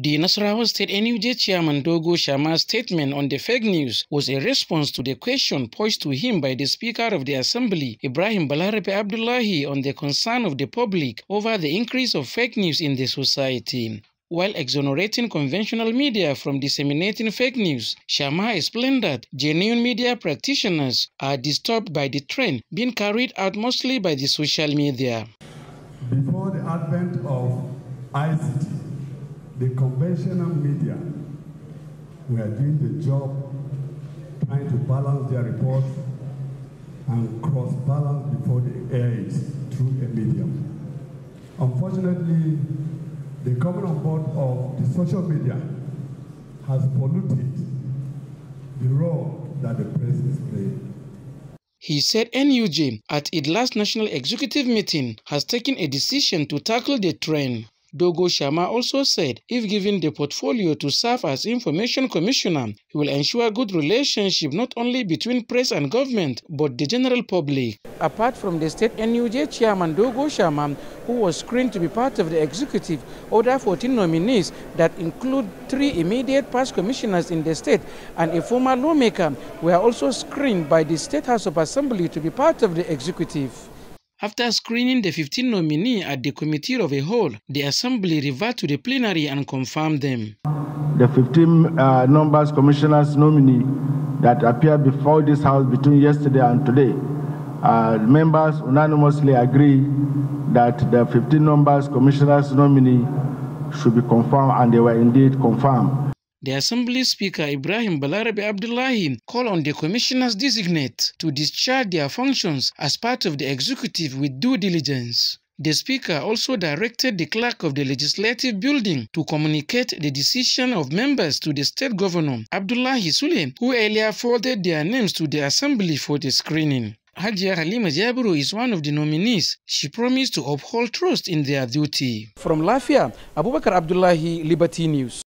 The Nasarawa State NUJ Chairman Dogo Shama's statement on the fake news was a response to the question posed to him by the Speaker of the Assembly, Ibrahim Balarepe Abdullahi, on the concern of the public over the increase of fake news in the society. While exonerating conventional media from disseminating fake news, Shama explained that genuine media practitioners are disturbed by the trend being carried out mostly by the social media. Before the advent of ICT, the conventional media were doing the job trying to balance their report and cross-balance before the air is through a medium. Unfortunately, the coming on board of the social media has polluted the role that the press is playing. He said NUJ at its last national executive meeting has taken a decision to tackle the trend. Dogo Sharma also said if given the portfolio to serve as information commissioner, he will ensure good relationship not only between press and government, but the general public. Apart from the state NUJ chairman Dogo Sharma, who was screened to be part of the executive, other 14 nominees that include three immediate past commissioners in the state and a former lawmaker were also screened by the State House of Assembly to be part of the executive. After screening the 15 nominees at the Committee of a Whole, the Assembly reverted to the plenary and confirmed them. The 15 uh, numbers commissioners nominee that appeared before this House between yesterday and today, uh, members unanimously agree that the 15 numbers commissioners nominee should be confirmed, and they were indeed confirmed. The Assembly Speaker Ibrahim Balarabi Abdullahi called on the commissioners designate to discharge their functions as part of the executive with due diligence. The Speaker also directed the clerk of the legislative building to communicate the decision of members to the state governor, Abdullahi Sule, who earlier forwarded their names to the Assembly for the screening. Hajia Halima Jabru is one of the nominees. She promised to uphold trust in their duty. From Lafia, Abubakar Abdullahi, Liberty News.